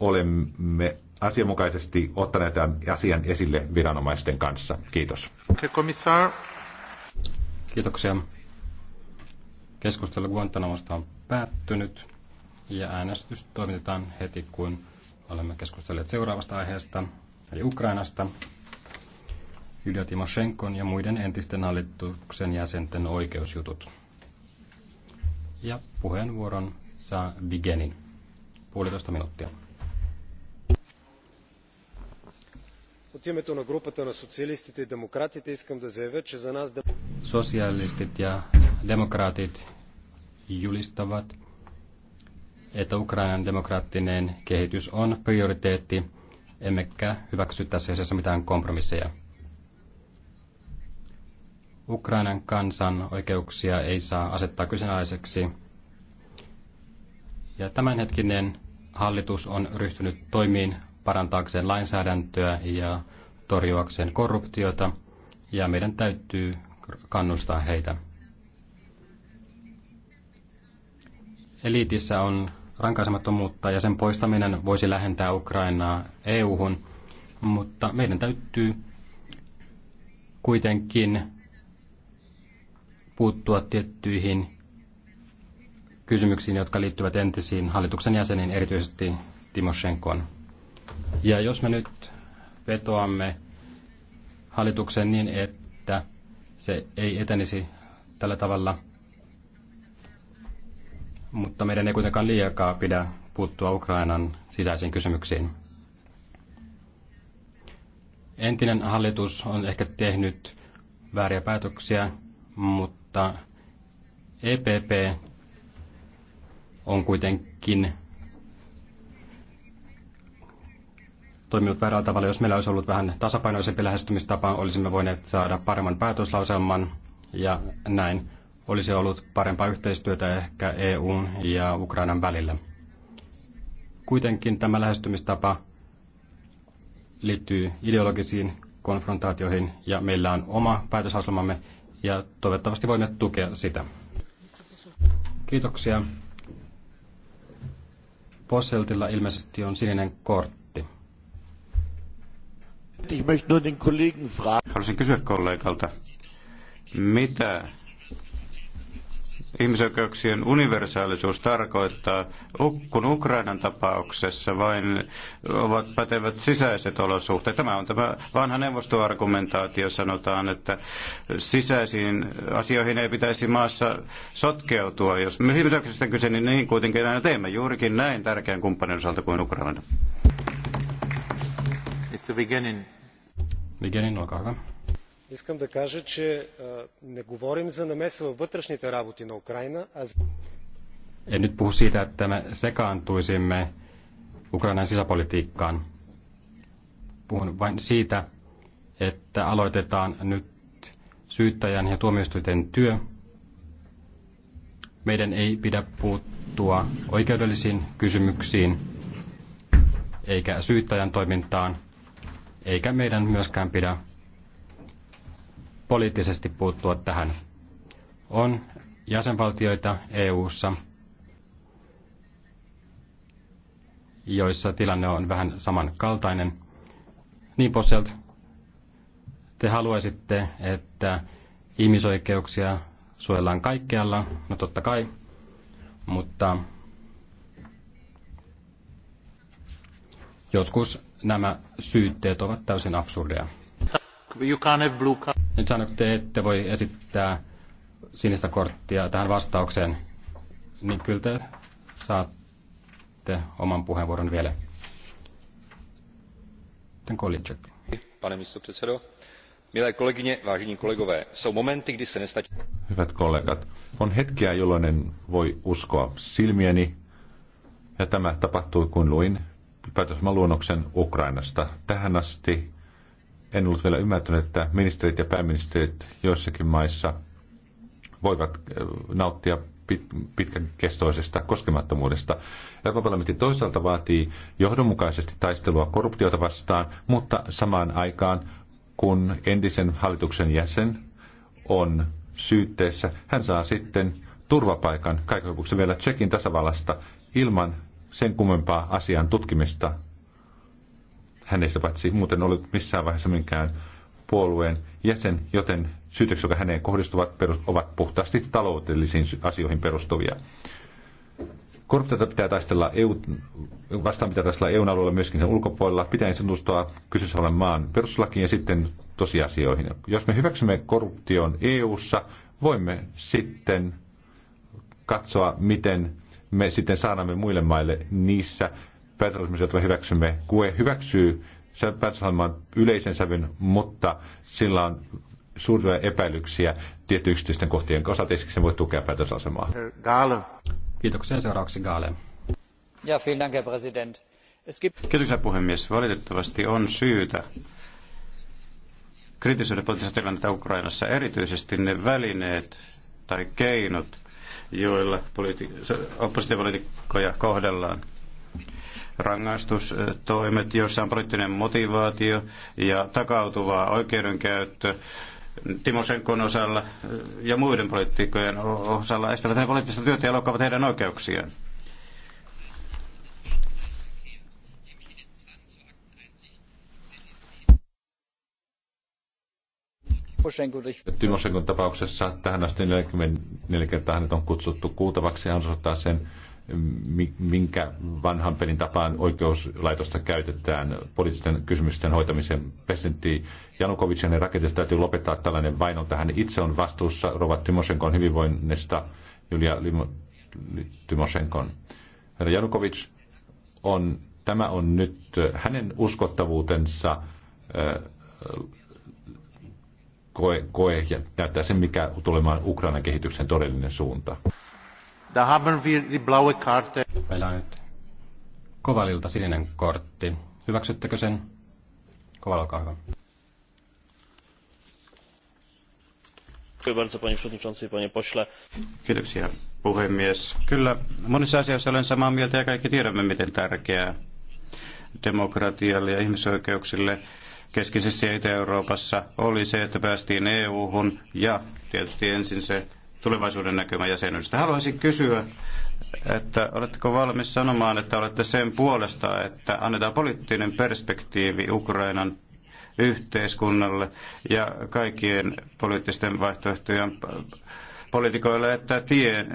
olemme asianmukaisesti ottaneet tämän asian esille viranomaisten kanssa. Kiitos. Kiitoksia. Keskustelu Guantanamosta on päättynyt ja äänestys toimitetaan heti, kun olemme keskustelleet seuraavasta aiheesta, eli Ukrainasta. Julia Timoshenkon ja muiden entisten hallituksen jäsenten oikeusjutut. Ja puheenvuoron saa Vigenin. Puolitoista minuuttia. От името на групата на социалистите и демократите искам да заявя, че за нас... Sosialistit ja demokraatit julistavat, että Ukrainan demokraattinen kehitys on prioriteetti, emmekä hyväksy tässä asiassa mitään kompromisseja. Ukrainan kansan oikeuksia ei saa asettaa kyseenalaiseksi. Ja tämänhetkinen hallitus on ryhtynyt toimiin parantaakseen lainsäädäntöä ja torjuakseen korruptiota, ja meidän täytyy kannustaa heitä. Eliitissä on rankaisemattomuutta ja sen poistaminen voisi lähentää Ukrainaa EU-hun, mutta meidän täytyy kuitenkin puuttua tiettyihin kysymyksiin, jotka liittyvät entisiin hallituksen jäseniin, erityisesti Timoshenkoon. Ja jos me nyt vetoamme hallituksen niin, että se ei etenisi tällä tavalla, mutta meidän ei kuitenkaan liikaa pidä puuttua Ukrainan sisäisiin kysymyksiin. Entinen hallitus on ehkä tehnyt vääriä päätöksiä, mutta EPP on kuitenkin toimivat väärällä tavalla. Jos meillä olisi ollut vähän tasapainoisempi lähestymistapa, olisimme voineet saada paremman päätöslauselman ja näin olisi ollut parempaa yhteistyötä ehkä EUn ja Ukrainan välillä. Kuitenkin tämä lähestymistapa liittyy ideologisiin konfrontaatioihin ja meillä on oma päätöslauselmamme ja toivottavasti voimme tukea sitä. Kiitoksia. Posseltilla ilmeisesti on sininen kortti. Haluaisin kysyä kollegalta, mitä ihmisoikeuksien universaalisuus tarkoittaa, kun Ukrainan tapauksessa vain ovat pätevät sisäiset olosuhteet. Tämä on tämä vanha neuvostoargumentaatio, sanotaan, että sisäisiin asioihin ei pitäisi maassa sotkeutua. Jos ihmisoikeuksista kyse, niin niin kuitenkin aina teemme juurikin näin tärkeän kumppanin osalta kuin Ukraina. Mr. Vigenin. Vigenin, olkaa hyvä. Искам да кажа, че не говорим за намеса във вътрешните работи на Украина, а за... En nyt puhu siitä, että me sekaantuisimme Ukrainan sisäpolitiikkaan. Puhun vain siitä, että aloitetaan nyt syyttäjän ja tuomioistuinten työ. Meidän ei pidä puuttua oikeudellisiin kysymyksiin eikä syyttäjän toimintaan – eikä meidän myöskään pidä poliittisesti puuttua tähän. On jäsenvaltioita EU:ssa, joissa tilanne on vähän samankaltainen. Niin Posselt, te haluaisitte, että ihmisoikeuksia suojellaan kaikkialla, no totta kai, mutta joskus nämä syytteet ovat täysin absurdeja. Nyt sanon, että te ette voi esittää sinistä korttia tähän vastaukseen, niin kyllä te saatte oman puheenvuoron vielä. Ten Kolicek. Pane místopředsedo, milé kolegyně, vážení kolegové, jsou momenty, kdy se nestačí... Hyvät kollegat, on hetkiä, jolloin en voi uskoa silmieni, ja tämä tapahtui, kun luin päätösmaluonnoksen Ukrainasta. Tähän asti en ollut vielä ymmärtänyt, että ministerit ja pääministerit joissakin maissa voivat äh, nauttia kestoisesta koskemattomuudesta. Euroopan parlamentti toisaalta vaatii johdonmukaisesti taistelua korruptiota vastaan, mutta samaan aikaan, kun entisen hallituksen jäsen on syytteessä, hän saa sitten turvapaikan kaikkein vielä Tsekin tasavallasta ilman, sen kummempaa asian tutkimista. Hän ei paitsi muuten ollut missään vaiheessa minkään puolueen jäsen, joten syytökset, jotka häneen kohdistuvat, ovat puhtaasti taloudellisiin asioihin perustuvia. Korruptiota pitää taistella EU, vastaan pitää taistella EUn alueella myöskin sen ulkopuolella. Pitää ensin tutustua kyseessä olevan maan perustuslakiin ja sitten tosiasioihin. Jos me hyväksymme korruption EUssa, voimme sitten katsoa, miten me sitten saanamme muille maille niissä päätöslauselmissa, jotka hyväksymme. KUE hyväksyy sen päätöslauselman yleisen sävyn, mutta sillä on suuria epäilyksiä tiettyjen yksityisten kohtien osalta, esimerkiksi se voi tukea päätösasemaa. Kiitoksia seuraavaksi Gaale. Ja, vielen president, gibt... Kiitoksia puhemies. Valitettavasti on syytä kritisoida poliittista tilannetta Ukrainassa, erityisesti ne välineet tai keinot, joilla politi- oppositiopolitiikkoja kohdellaan. Rangaistustoimet, joissa on poliittinen motivaatio ja takautuvaa oikeudenkäyttö, Timosenkon osalla ja muiden poliitikkojen osalla estävät poliittista työtä ja loukkaavat heidän oikeuksiaan. Timosenkon tapauksessa tähän asti 44 kertaa hänet on kutsuttu kuultavaksi ja osoittaa sen, minkä vanhan pelin tapaan oikeuslaitosta käytetään poliittisten kysymysten hoitamiseen. Presidentti Janukovic ja raketista täytyy lopettaa tällainen vaino tähän. itse on vastuussa Rova Timosenkon hyvinvoinnista, Julia Limo, Herra Janukovic on, tämä on nyt hänen uskottavuutensa koe, koe ja näyttää sen, mikä tulemaan Ukrainan kehityksen todellinen suunta. Meillä on nyt Kovalilta sininen kortti. Hyväksyttekö sen? Kovalo, olkaa hyvä. Kiitoksia puhemies. Kyllä monissa asioissa olen samaa mieltä ja kaikki tiedämme, miten tärkeää demokratialle ja ihmisoikeuksille keskisessä ja Itä-Euroopassa oli se, että päästiin EU-hun ja tietysti ensin se tulevaisuuden näkymä jäsenyydestä. Haluaisin kysyä, että oletteko valmis sanomaan, että olette sen puolesta, että annetaan poliittinen perspektiivi Ukrainan yhteiskunnalle ja kaikkien poliittisten vaihtoehtojen poliitikoille, että tie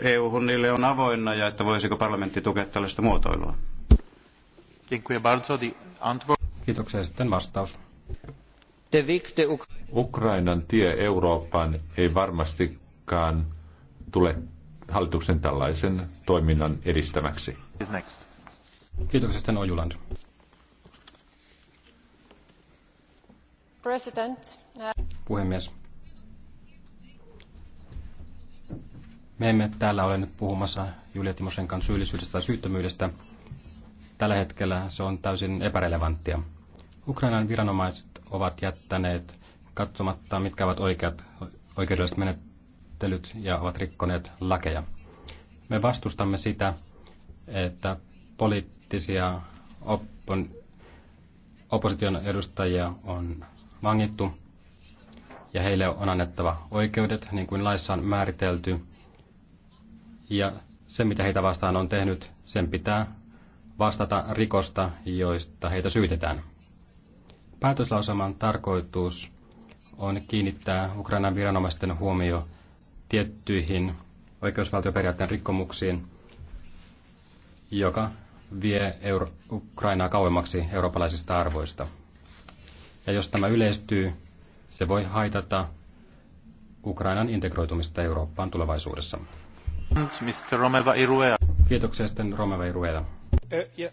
EU-hun niille on avoinna ja että voisiko parlamentti tukea tällaista muotoilua? Kiitoksia sitten vastaus. Ukrainan tie Eurooppaan ei varmastikaan tule hallituksen tällaisen toiminnan edistämäksi. Kiitoksia sitten Ojuland. President. Uh- Puhemies. Me emme täällä ole nyt puhumassa Julia Timosenkan syyllisyydestä tai syyttömyydestä. Tällä hetkellä se on täysin epärelevanttia. Ukrainan viranomaiset ovat jättäneet katsomatta, mitkä ovat oikeat oikeudelliset menettelyt ja ovat rikkoneet lakeja. Me vastustamme sitä, että poliittisia oppon, opposition edustajia on vangittu ja heille on annettava oikeudet, niin kuin laissa on määritelty. Ja se, mitä heitä vastaan on tehnyt, sen pitää vastata rikosta, joista heitä syytetään. Päätöslauselman tarkoitus on kiinnittää Ukrainan viranomaisten huomio tiettyihin oikeusvaltioperiaatteen rikkomuksiin, joka vie Euro- Ukrainaa kauemmaksi eurooppalaisista arvoista. Ja jos tämä yleistyy, se voi haitata Ukrainan integroitumista Eurooppaan tulevaisuudessa. Mr. Romeva Iruea. Kiitoksia sitten Romeva Iruea. Uh, eh, yeah.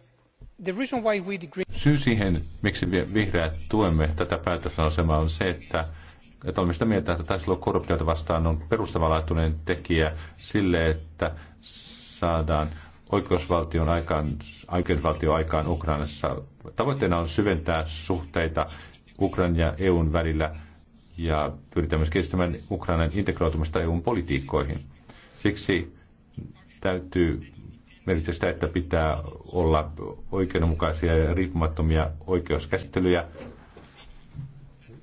Syy siihen, miksi vihreät tuemme tätä päätöslauselmaa, on se, että, että olemme sitä mieltä, että taistelu korruptiota vastaan on perustavanlaatuinen tekijä sille, että saadaan oikeusvaltion aikaan, oikeusvaltio aikaan Ukrainassa. Tavoitteena on syventää suhteita Ukrainan ja EUn välillä ja pyritään myös kestämään Ukrainan integroitumista EUn politiikkoihin. Siksi täytyy merkitsee sitä, että pitää olla oikeudenmukaisia ja riippumattomia oikeuskäsittelyjä.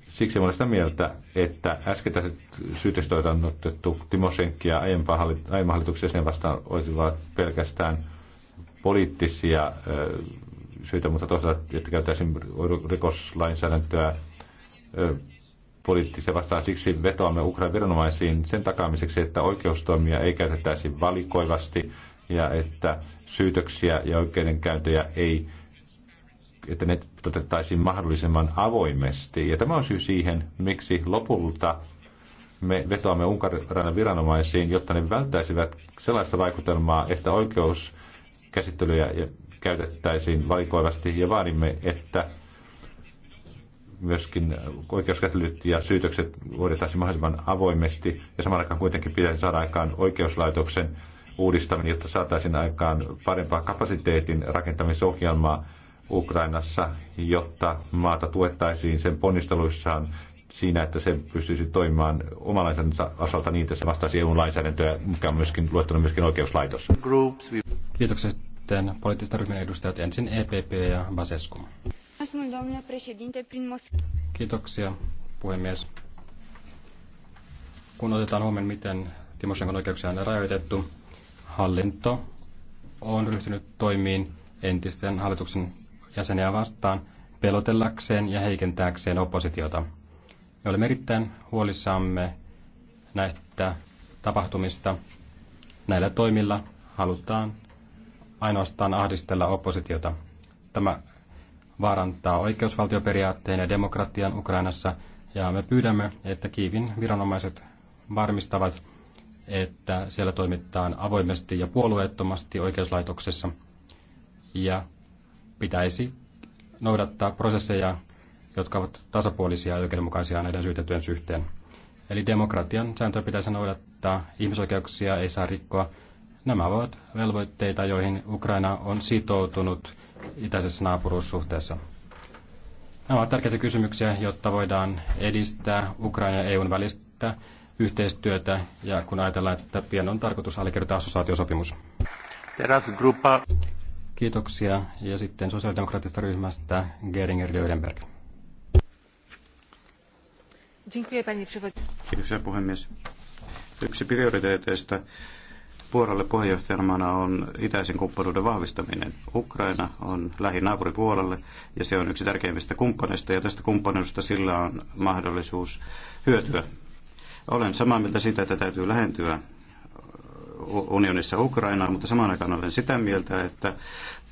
Siksi olen sitä mieltä, että äskettäiset syytestoita on otettu Timoshenki ja aiemman hallituksen sen vastaan olisivat pelkästään poliittisia syitä, mutta toisaalta, että käytäisiin rikoslainsäädäntöä poliittisia vastaan. Siksi vetoamme Ukrainan viranomaisiin sen takaamiseksi, että oikeustoimia ei käytettäisi valikoivasti ja että syytöksiä ja oikeudenkäyntejä ei että ne toteuttaisiin mahdollisimman avoimesti. Ja tämä on syy siihen, miksi lopulta me vetoamme Unkarin viranomaisiin, jotta ne välttäisivät sellaista vaikutelmaa, että oikeuskäsittelyjä käytettäisiin valikoivasti ja vaadimme, että myöskin oikeuskäsittelyt ja syytökset hoidettaisiin mahdollisimman avoimesti ja samalla kuitenkin pitäisi saada aikaan oikeuslaitoksen uudistaminen, jotta saataisiin aikaan parempaa kapasiteetin rakentamisohjelmaa Ukrainassa, jotta maata tuettaisiin sen ponnisteluissaan siinä, että se pystyisi toimimaan oman osalta niin, että se vastaisi EU-lainsäädäntöä, mikä on myöskin luettuna myöskin oikeuslaitos. Kiitoksia sitten poliittisten ryhmien edustajat ensin EPP ja Basescu. Kiitoksia puhemies. Kun otetaan huomioon, miten Timoshenkon oikeuksia on rajoitettu, hallinto on ryhtynyt toimiin entisten hallituksen jäseniä vastaan pelotellakseen ja heikentääkseen oppositiota. Me olemme erittäin huolissamme näistä tapahtumista. Näillä toimilla halutaan ainoastaan ahdistella oppositiota. Tämä vaarantaa oikeusvaltioperiaatteen ja demokratian Ukrainassa, ja me pyydämme, että Kiivin viranomaiset varmistavat, että siellä toimitaan avoimesti ja puolueettomasti oikeuslaitoksessa ja pitäisi noudattaa prosesseja, jotka ovat tasapuolisia ja oikeudenmukaisia näiden syytettyjen suhteen. Eli demokratian sääntöä pitäisi noudattaa, ihmisoikeuksia ei saa rikkoa. Nämä ovat velvoitteita, joihin Ukraina on sitoutunut itäisessä naapuruussuhteessa. Nämä ovat tärkeitä kysymyksiä, jotta voidaan edistää Ukraina ja EUn välistä yhteistyötä ja kun ajatellaan, että pian on tarkoitus allekirjoittaa assosiaatiosopimus. Teräsgruppa. Kiitoksia. Ja sitten sosiaalidemokraattista ryhmästä Geringer Lödenberg. Kiitoksia puhemies. Yksi prioriteeteista Puolalle puheenjohtajamaana on itäisen kumppanuuden vahvistaminen. Ukraina on lähinaapuri Puolalle ja se on yksi tärkeimmistä kumppaneista ja tästä kumppanuudesta sillä on mahdollisuus hyötyä olen samaa mieltä siitä, että täytyy lähentyä unionissa Ukrainaa, mutta samaan aikaan olen sitä mieltä, että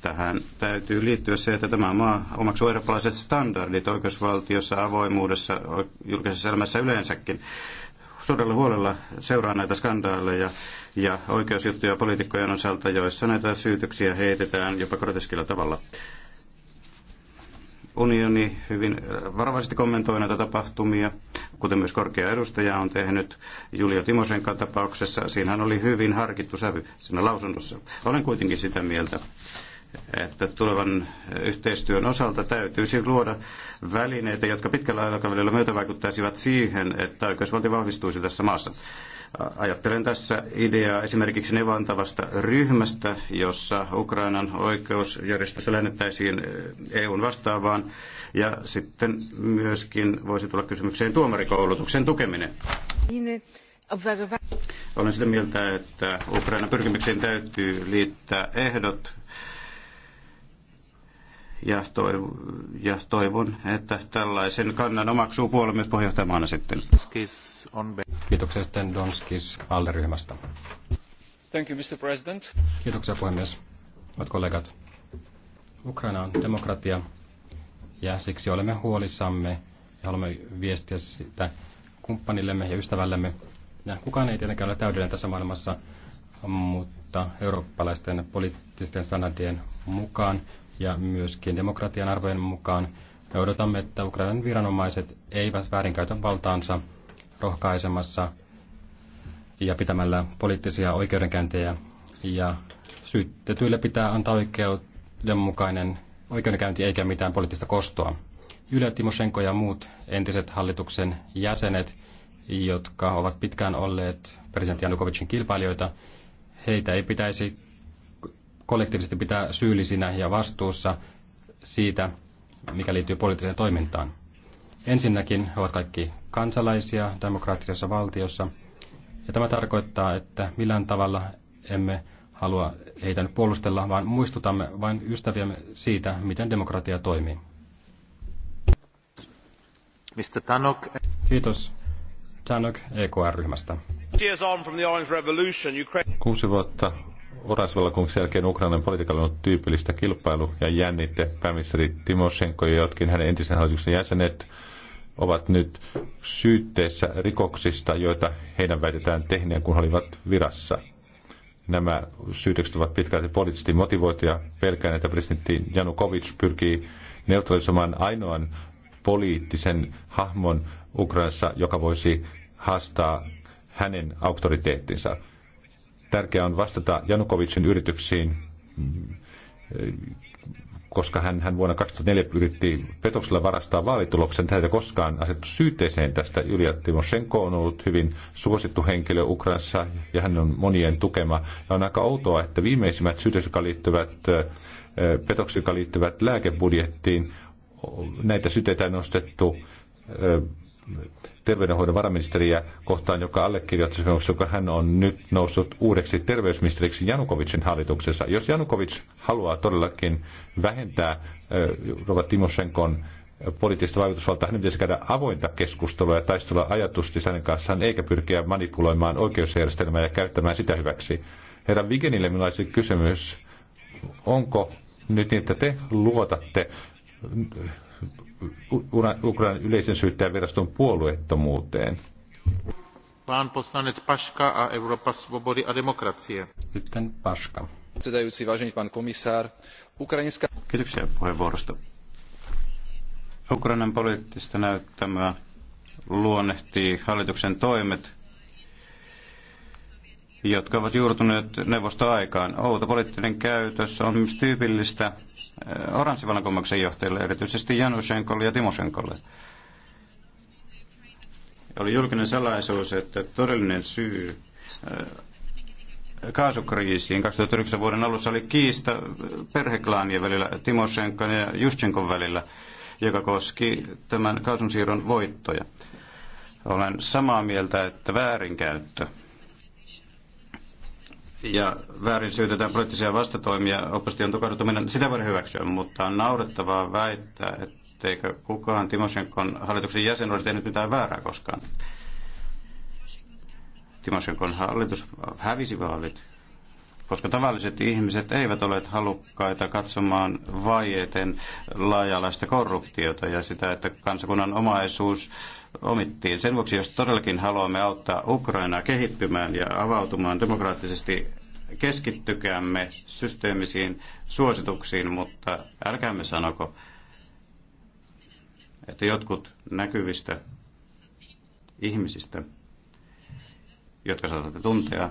tähän täytyy liittyä se, että tämä maa omaksuu eurooppalaiset standardit oikeusvaltiossa, avoimuudessa, julkisessa elämässä yleensäkin. Suurella huolella seuraa näitä skandaaleja ja oikeusjuttuja poliitikkojen osalta, joissa näitä syytöksiä heitetään jopa groteskilla tavalla unioni hyvin äh, varovaisesti kommentoi näitä tapahtumia, kuten myös korkea edustaja on tehnyt Julio Timosenkan tapauksessa. Siinähän oli hyvin harkittu sävy siinä lausunnossa. Olen kuitenkin sitä mieltä, että tulevan äh, yhteistyön osalta täytyisi luoda välineitä, jotka pitkällä aikavälillä myötävaikuttaisivat vaikuttaisivat siihen, että oikeusvalti vahvistuisi tässä maassa. Ajattelen tässä ideaa esimerkiksi nevantavasta ryhmästä, jossa Ukrainan oikeusjärjestö lähennettäisiin eh, EUn vastaavaan. Ja sitten myöskin voisi tulla kysymykseen tuomarikoulutuksen tukeminen. Olen sitä mieltä, että Ukrainan pyrkimyksiin täytyy liittää ehdot ja, toiv- ja toivon, että tällaisen kannan omaksuu puolue myös puheenjohtajamaana sitten. Kiitoksia sitten Donskis alderyhmästä. Thank you, Mr. President. Kiitoksia puhemies. Hyvät kollegat, Ukraina on demokratia ja siksi olemme huolissamme ja haluamme viestiä sitä kumppanillemme ja ystävällemme. Ja kukaan ei tietenkään ole täydellinen tässä maailmassa, mutta eurooppalaisten poliittisten standardien mukaan ja myöskin demokratian arvojen mukaan. Me odotamme, että Ukrainan viranomaiset eivät väärinkäytä valtaansa rohkaisemassa ja pitämällä poliittisia oikeudenkäyntejä. Ja syytetyille pitää antaa oikeudenmukainen oikeudenkäynti eikä mitään poliittista kostoa. Yle Timoshenko ja muut entiset hallituksen jäsenet, jotka ovat pitkään olleet presidentti Janukovicin kilpailijoita, heitä ei pitäisi kollektiivisesti pitää syyllisinä ja vastuussa siitä, mikä liittyy poliittiseen toimintaan. Ensinnäkin he ovat kaikki kansalaisia demokraattisessa valtiossa, ja tämä tarkoittaa, että millään tavalla emme halua heitä nyt puolustella, vaan muistutamme vain ystäviämme siitä, miten demokratia toimii. Mr. Tanok. Kiitos. Tanok EKR-ryhmästä. Kuusi vuotta orasvallankumouksen jälkeen Ukrainan politiikalla on ollut tyypillistä kilpailu ja jännitte. Pääministeri Timoshenko ja jotkin hänen entisen hallituksen jäsenet ovat nyt syytteessä rikoksista, joita heidän väitetään tehneen, kun he olivat virassa. Nämä syytökset ovat pitkälti poliittisesti motivoituja. Pelkään, että presidentti Janukovic pyrkii neutralisoimaan ainoan poliittisen hahmon Ukrainassa, joka voisi haastaa hänen auktoriteettinsa. Tärkeää on vastata Janukovicin yrityksiin, koska hän, hän vuonna 2004 yritti petoksella varastaa vaalituloksen. Tätä koskaan asettu syytteeseen tästä. Ilja Timoshenko on ollut hyvin suosittu henkilö Ukrainassa ja hän on monien tukema. Ja on aika outoa, että viimeisimmät syytös, jotka liittyvät petoksi, jotka liittyvät lääkebudjettiin, näitä syteitä on nostettu terveydenhoidon varaministeriä kohtaan, joka allekirjoitti sopimuksen, joka hän on nyt noussut uudeksi terveysministeriksi Janukovicin hallituksessa. Jos Janukovic haluaa todellakin vähentää eh, Rova Timoshenkon poliittista vaikutusvaltaa, hänen pitäisi käydä avointa keskustelua ja taistella ajatusti hänen kanssaan, eikä pyrkiä manipuloimaan oikeusjärjestelmää ja käyttämään sitä hyväksi. Herra Vigenille minulla olisi kysymys, onko nyt niin, että te luotatte Ukrainan yleisen syyttäjän viraston puolueettomuuteen. Pán poslanec Paška a Európa svobody a demokracie. Sitten Paška. Sedajúci, vážený pán komisár, ukrainská... Kiitoksia puheenvuorosta. Ukrainan poliittista näyttämää luonnehtii hallituksen toimet, jotka ovat juurtuneet neuvostoaikaan. Outo poliittinen käytös on myös tyypillistä oranssivallankumouksen johtajille, erityisesti Janusenkolle ja Timosenkolle Oli julkinen salaisuus, että todellinen syy äh, kaasukriisiin 2009 vuoden alussa oli kiista perheklaanien välillä, Timoshenkan ja Juschenkon välillä, joka koski tämän kaasunsiirron voittoja. Olen samaa mieltä, että väärinkäyttö – ja väärin syytetään poliittisia vastatoimia, opposition tukahduttaminen, sitä voi hyväksyä, mutta on naurettavaa väittää, etteikö kukaan Timoshenkon hallituksen jäsen olisi tehnyt mitään väärää koskaan. Timoshenkon hallitus hävisi vaalit koska tavalliset ihmiset eivät ole halukkaita katsomaan vaieten laajalaista korruptiota ja sitä, että kansakunnan omaisuus omittiin. Sen vuoksi, jos todellakin haluamme auttaa Ukrainaa kehittymään ja avautumaan demokraattisesti, keskittykäämme systeemisiin suosituksiin, mutta älkäämme sanoko, että jotkut näkyvistä ihmisistä, jotka saatatte tuntea,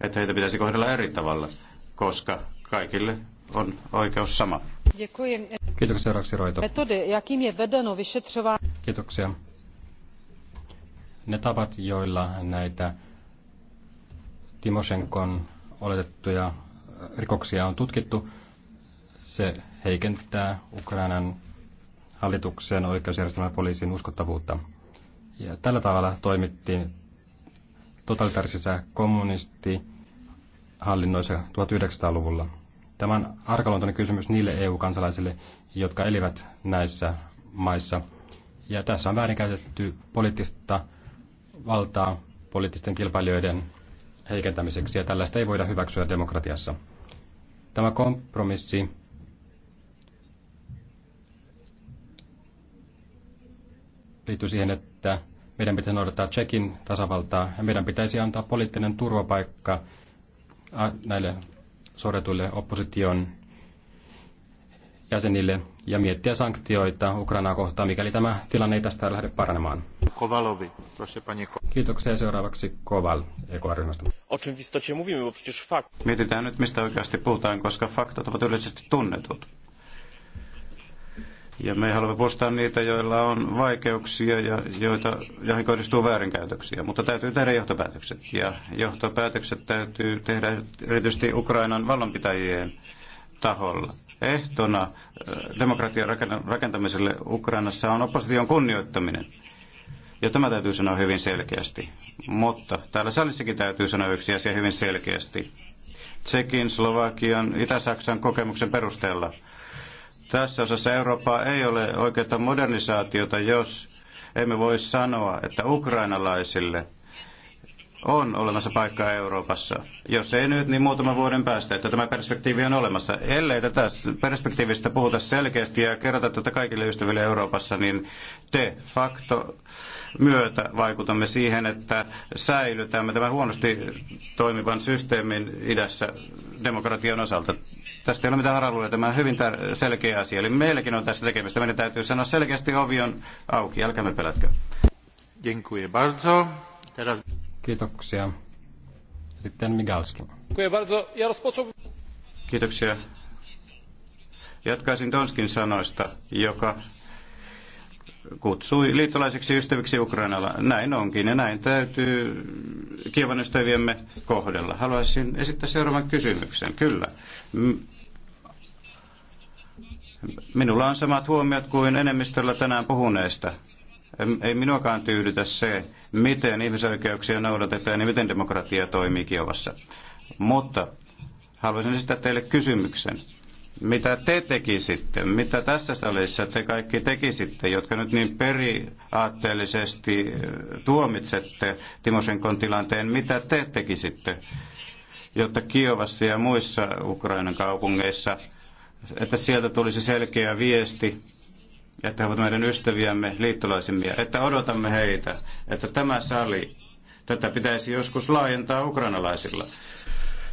että heitä pitäisi kohdella eri tavalla, koska kaikille on oikeus sama. Kiitoksia, seuraavaksi Roito. Kiitoksia. Ne tavat, joilla näitä Timoshenkon oletettuja äh, rikoksia on tutkittu, se heikentää Ukrainan hallituksen, oikeusjärjestelmän poliisin uskottavuutta. Ja tällä tavalla toimittiin totalitarisissa hallinnoissa 1900-luvulla. Tämä on arkaluontoinen kysymys niille EU-kansalaisille, jotka elivät näissä maissa. Ja tässä on väärinkäytetty poliittista valtaa poliittisten kilpailijoiden heikentämiseksi, ja tällaista ei voida hyväksyä demokratiassa. Tämä kompromissi liittyy siihen, että meidän pitäisi noudattaa Tsekin tasavaltaa ja meidän pitäisi antaa poliittinen turvapaikka näille sorretuille opposition jäsenille ja miettiä sanktioita Ukrainaa kohtaan, mikäli tämä tilanne ei tästä lähde paranemaan. Kovalovi, proszę panie Ko- Kiitoksia seuraavaksi Koval EKR-ryhmästä. Mietitään nyt, mistä oikeasti puhutaan, koska faktat ovat yleisesti tunnetut. Ja me haluamme poistaa niitä, joilla on vaikeuksia ja joita, joihin kohdistuu väärinkäytöksiä. Mutta täytyy tehdä johtopäätökset. Ja johtopäätökset täytyy tehdä erityisesti Ukrainan vallanpitäjien taholla. Ehtona äh, demokratian rakentamiselle Ukrainassa on opposition kunnioittaminen. Ja tämä täytyy sanoa hyvin selkeästi. Mutta täällä salissakin täytyy sanoa yksi asia hyvin selkeästi. Tsekin, Slovakian, Itä-Saksan kokemuksen perusteella – tässä osassa Eurooppaa ei ole oikeutta modernisaatiota, jos emme voi sanoa, että ukrainalaisille – on olemassa paikkaa Euroopassa. Jos ei nyt, niin muutaman vuoden päästä, että tämä perspektiivi on olemassa. Ellei tätä perspektiivistä puhuta selkeästi ja kerrota tätä kaikille ystäville Euroopassa, niin te facto myötä vaikutamme siihen, että säilytämme tämän huonosti toimivan systeemin idässä demokratian osalta. Tästä ei ole mitään haraluja. Tämä on hyvin selkeä asia. Eli meilläkin on tässä tekemistä. Meidän täytyy sanoa selkeästi ovi on auki. Älkäämme pelätkö. Dziękuję bardzo. Teraz... Kiitoksia. Sitten Migalski. Kiitoksia. Jatkaisin Donskin sanoista, joka kutsui liittolaisiksi ystäviksi Ukrainalla. Näin onkin ja näin täytyy Kievan ystäviemme kohdella. Haluaisin esittää seuraavan kysymyksen. Kyllä. Minulla on samat huomiot kuin enemmistöllä tänään puhuneista ei minuakaan tyydytä se, miten ihmisoikeuksia noudatetaan ja miten demokratia toimii Kiovassa. Mutta haluaisin esittää teille kysymyksen. Mitä te tekisitte, mitä tässä salissa te kaikki tekisitte, jotka nyt niin periaatteellisesti eh, tuomitsette Timosenkon tilanteen, mitä te tekisitte, jotta Kiovassa ja muissa Ukrainan kaupungeissa, että sieltä tulisi selkeä viesti että he ovat meidän ystäviämme, liittolaisimme, että odotamme heitä, että tämä sali, tätä pitäisi joskus laajentaa ukrainalaisilla.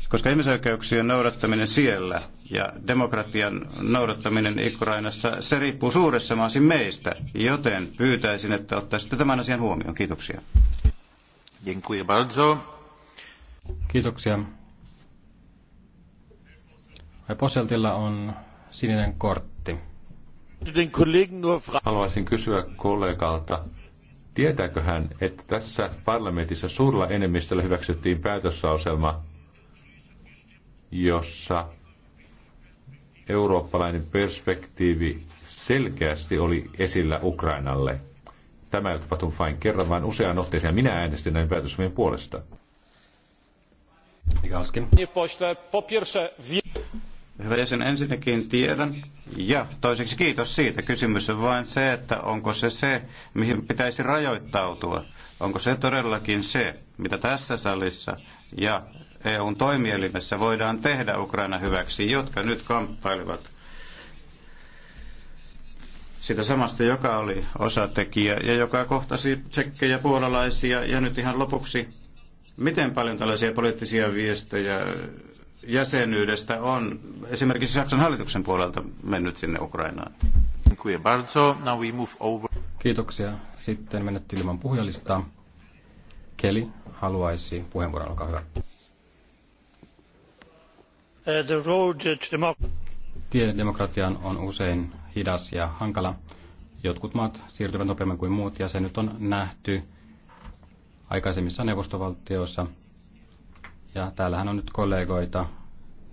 Koska ihmisoikeuksien noudattaminen siellä ja demokratian noudattaminen Ukrainassa, se riippuu suuressa maassa meistä, joten pyytäisin, että ottaisitte tämän asian huomioon. Kiitoksia. Kiitoksia. Poseltilla on sininen kortti. Haluaisin kysyä kollegalta, tietääkö hän, että tässä parlamentissa suurella enemmistöllä hyväksyttiin päätöslauselma, jossa eurooppalainen perspektiivi selkeästi oli esillä Ukrainalle. Tämä ei tapahtunut vain kerran, vaan useaan otteeseen. Minä äänestin näin päätösmien puolesta. Hyvä jäsen, ensinnäkin tiedän. Ja toiseksi kiitos siitä. Kysymys on vain se, että onko se se, mihin pitäisi rajoittautua. Onko se todellakin se, mitä tässä salissa ja EUn toimielimessä voidaan tehdä Ukraina hyväksi, jotka nyt kamppailevat sitä samasta, joka oli osatekijä ja joka kohtasi tsekkejä, puolalaisia ja nyt ihan lopuksi, miten paljon tällaisia poliittisia viestejä jäsenyydestä on esimerkiksi Saksan hallituksen puolelta mennyt sinne Ukrainaan. Kiitoksia. Sitten menetty ilman puhujalista Keli haluaisi puheenvuoron, olkaa hyvä. Uh, Tie demokratiaan on usein hidas ja hankala. Jotkut maat siirtyvät nopeammin kuin muut ja se nyt on nähty aikaisemmissa neuvostovaltioissa – ja täällähän on nyt kollegoita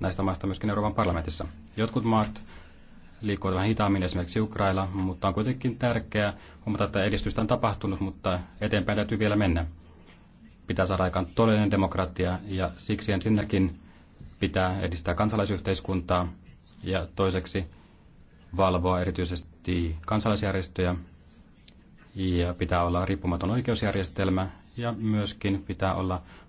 näistä maista myöskin Euroopan parlamentissa. Jotkut maat liikkuvat vähän hitaammin, esimerkiksi Ukraina, mutta on kuitenkin tärkeää huomata, että edistystä on tapahtunut, mutta eteenpäin täytyy vielä mennä. Pitää saada aikaan todellinen demokratia ja siksi ensinnäkin pitää edistää kansalaisyhteiskuntaa ja toiseksi valvoa erityisesti kansalaisjärjestöjä ja pitää olla riippumaton oikeusjärjestelmä ja myöskin pitää olla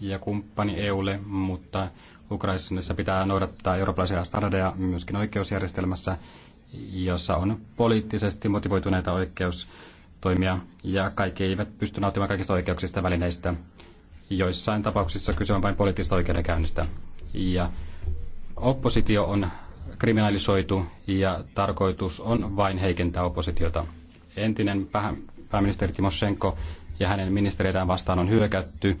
ja kumppani EUlle, mutta Ukrainassa pitää noudattaa eurooppalaisia standardeja myöskin oikeusjärjestelmässä, jossa on poliittisesti motivoituneita oikeustoimia ja kaikki eivät pysty nauttimaan kaikista oikeuksista välineistä. Joissain tapauksissa kyse on vain poliittisesta oikeudenkäynnistä. Ja oppositio on kriminalisoitu ja tarkoitus on vain heikentää oppositiota. Entinen pääministeri Timoshenko ja hänen ministeriötään vastaan on hyökätty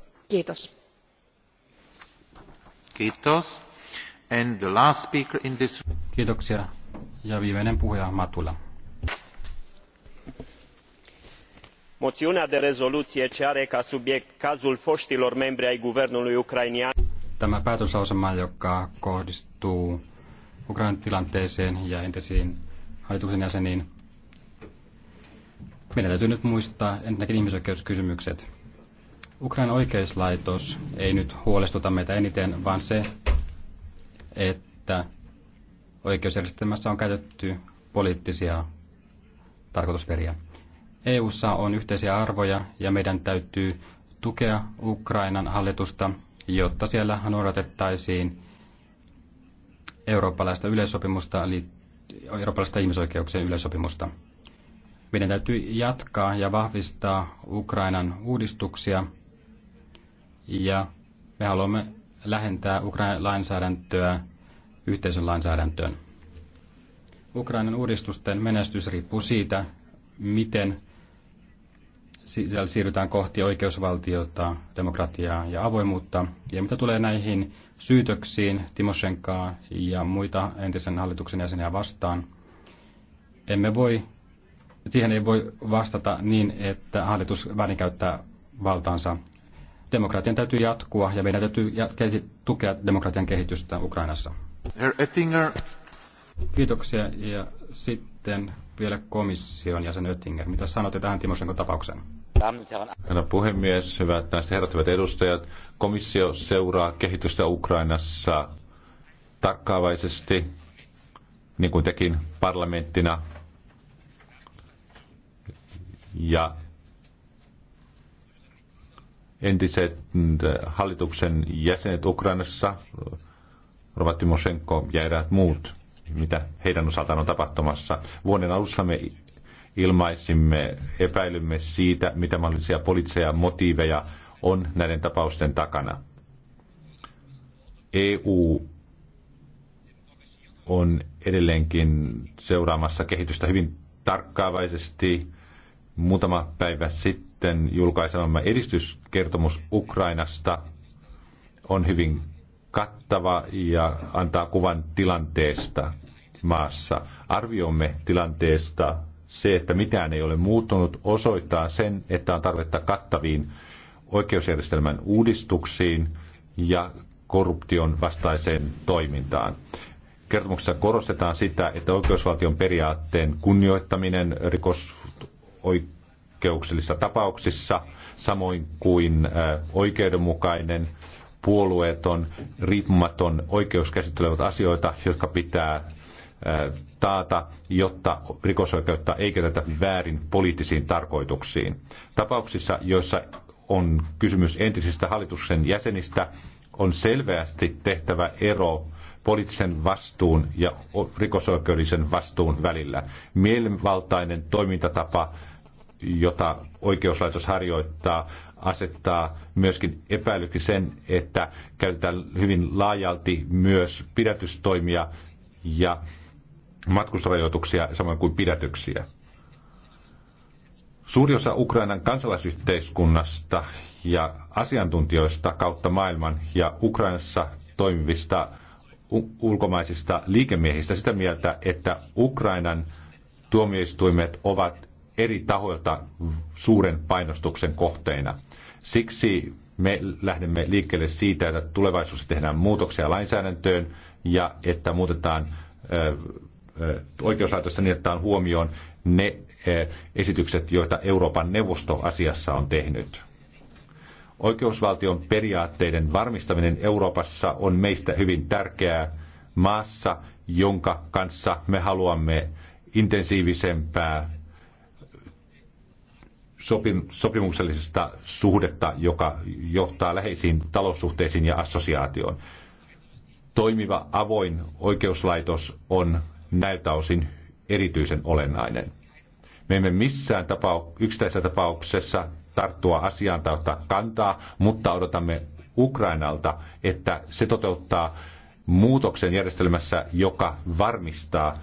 Kiitos. Kiitos. Ja viimeinen puhuja Matula. Moțiunea de rezoluție ce are ca subiect cazul foștilor membri ai guvernului ucrainean. Tämä päätöslausema, joka kohdistuu Ukrainan tilanteeseen ja entisiin hallituksen jäseniin. Meidän täytyy nyt muistaa ensinnäkin ihmisoikeuskysymykset Ukrainan oikeuslaitos ei nyt huolestuta meitä eniten, vaan se, että oikeusjärjestelmässä on käytetty poliittisia tarkoitusperiä. EU:ssa on yhteisiä arvoja ja meidän täytyy tukea Ukrainan hallitusta, jotta siellä noudatettaisiin eurooppalaista yleissopimusta, eurooppalaista ihmisoikeuksien yleissopimusta. Meidän täytyy jatkaa ja vahvistaa Ukrainan uudistuksia ja me haluamme lähentää Ukrainan lainsäädäntöä yhteisön lainsäädäntöön. Ukrainan uudistusten menestys riippuu siitä, miten siirrytään kohti oikeusvaltiota, demokratiaa ja avoimuutta. Ja mitä tulee näihin syytöksiin Timoshenkaa ja muita entisen hallituksen jäseniä vastaan, emme voi, siihen ei voi vastata niin, että hallitus väärinkäyttää valtaansa demokratian täytyy jatkua ja meidän täytyy tukea demokratian kehitystä Ukrainassa. Herr Oettinger. Kiitoksia. Ja sitten vielä komission jäsen Oettinger. Mitä sanotte tähän Timosenko tapaukseen? Herra puhemies, hyvät naiset herrat, hyvät edustajat. Komissio seuraa kehitystä Ukrainassa tarkkaavaisesti, niin kuin tekin parlamenttina. Ja entiset äh, hallituksen jäsenet Ukrainassa, Robert Timoshenko ja eräät muut, mitä heidän osaltaan on tapahtumassa. Vuoden alussa me ilmaisimme epäilymme siitä, mitä mahdollisia poliittisia motiiveja on näiden tapausten takana. EU on edelleenkin seuraamassa kehitystä hyvin tarkkaavaisesti. Muutama päivä sitten sitten julkaisemamme edistyskertomus Ukrainasta on hyvin kattava ja antaa kuvan tilanteesta maassa. Arviomme tilanteesta se, että mitään ei ole muuttunut, osoittaa sen, että on tarvetta kattaviin oikeusjärjestelmän uudistuksiin ja korruption vastaiseen toimintaan. Kertomuksessa korostetaan sitä, että oikeusvaltion periaatteen kunnioittaminen rikos poikkeuksellisissa tapauksissa, samoin kuin oikeudenmukainen, puolueeton, riippumaton oikeus käsittelevät asioita, jotka pitää taata, jotta rikosoikeutta ei käytetä väärin poliittisiin tarkoituksiin. Tapauksissa, joissa on kysymys entisistä hallituksen jäsenistä, on selvästi tehtävä ero poliittisen vastuun ja rikosoikeudellisen vastuun välillä. Mielivaltainen toimintatapa jota oikeuslaitos harjoittaa, asettaa myöskin epäilyksi sen, että käytetään hyvin laajalti myös pidätystoimia ja matkustusrajoituksia, samoin kuin pidätyksiä. Suuri osa Ukrainan kansalaisyhteiskunnasta ja asiantuntijoista kautta maailman ja Ukrainassa toimivista ulkomaisista liikemiehistä sitä mieltä, että Ukrainan tuomioistuimet ovat eri tahoilta suuren painostuksen kohteina. Siksi me lähdemme liikkeelle siitä, että tulevaisuudessa tehdään muutoksia lainsäädäntöön ja että muutetaan oikeuslaitosta niin, että on huomioon ne esitykset, joita Euroopan neuvosto asiassa on tehnyt. Oikeusvaltion periaatteiden varmistaminen Euroopassa on meistä hyvin tärkeää maassa, jonka kanssa me haluamme intensiivisempää sopim, sopimuksellisesta suhdetta, joka johtaa läheisiin taloussuhteisiin ja assosiaatioon. Toimiva avoin oikeuslaitos on näiltä osin erityisen olennainen. Me emme missään tapau- yksittäisessä tapauksessa tarttua asiaan tai ottaa kantaa, mutta odotamme Ukrainalta, että se toteuttaa muutoksen järjestelmässä, joka varmistaa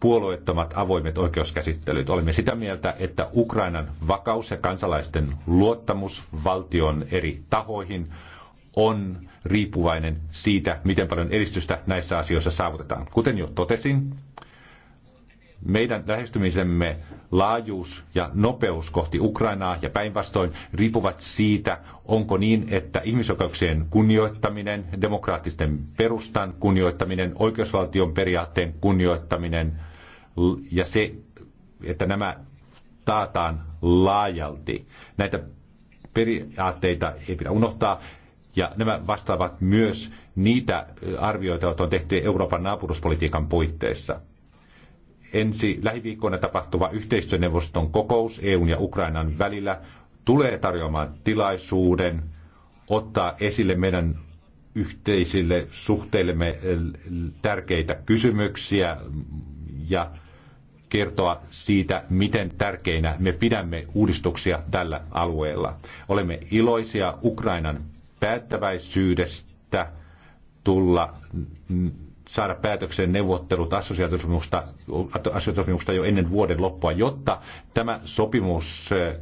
puolueettomat avoimet oikeuskäsittelyt. Olemme sitä mieltä, että Ukrainan vakaus ja kansalaisten luottamus valtion eri tahoihin on riippuvainen siitä, miten paljon edistystä näissä asioissa saavutetaan. Kuten jo totesin, meidän lähestymisemme laajuus ja nopeus kohti Ukrainaa ja päinvastoin riippuvat siitä, onko niin, että ihmisoikeuksien kunnioittaminen, demokraattisten perustan kunnioittaminen, oikeusvaltion periaatteen kunnioittaminen ja se, että nämä taataan laajalti. Näitä periaatteita ei pidä unohtaa. Ja nämä vastaavat myös niitä arvioita, joita on tehty Euroopan naapuruspolitiikan puitteissa ensi lähiviikkoina tapahtuva yhteistyöneuvoston kokous EUn ja Ukrainan välillä tulee tarjoamaan tilaisuuden ottaa esille meidän yhteisille suhteillemme eh, tärkeitä kysymyksiä ja kertoa siitä, miten tärkeinä me pidämme uudistuksia tällä alueella. Olemme iloisia Ukrainan päättäväisyydestä tulla saada päätökseen neuvottelut assosiaatiosopimusta, assosiaatiosopimusta jo ennen vuoden loppua, jotta tämä sopimus eh,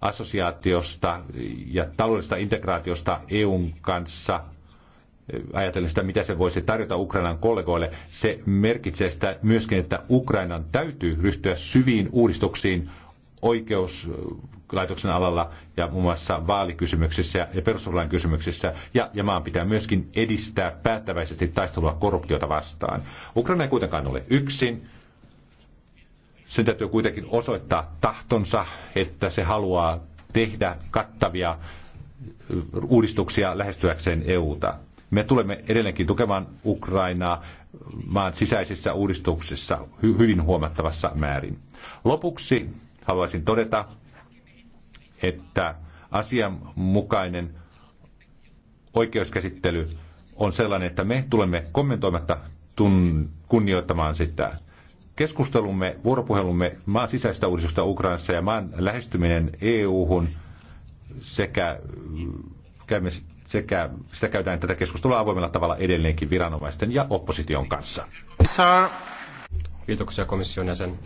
assosiaatiosta ja taloudellisesta integraatiosta EUn kanssa eh, ajatellen sitä, mitä se voisi tarjota Ukrainan kollegoille, se merkitsee sitä myöskin, että Ukrainan täytyy ryhtyä syviin uudistuksiin oikeuslaitoksen alalla ja muun muassa vaalikysymyksissä ja perustuslain kysymyksissä. Ja, ja maan pitää myöskin edistää päättäväisesti taistelua korruptiota vastaan. Ukraina ei kuitenkaan ole yksin. Sen täytyy kuitenkin osoittaa tahtonsa, että se haluaa tehdä kattavia uudistuksia lähestyäkseen EUta. Me tulemme edelleenkin tukemaan Ukrainaa maan sisäisissä uudistuksissa hyvin huomattavassa määrin. Lopuksi haluaisin todeta, että asianmukainen oikeuskäsittely on sellainen, että me tulemme kommentoimatta tun- kunnioittamaan sitä. Keskustelumme, vuoropuhelumme maan sisäistä uudistusta Ukrainassa ja maan lähestyminen EU-hun sekä, käymme, sekä sitä käydään tätä keskustelua avoimella tavalla edelleenkin viranomaisten ja opposition kanssa. Kiitoksia komission jäsen.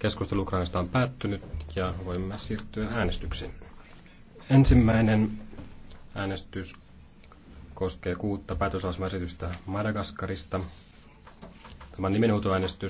Keskustelu Ukrainasta on päättynyt ja voimme siirtyä äänestyksiin. Ensimmäinen äänestys koskee kuutta päätöslausumaesitystä Madagaskarista. Tämä on nimenhuutoäänestys.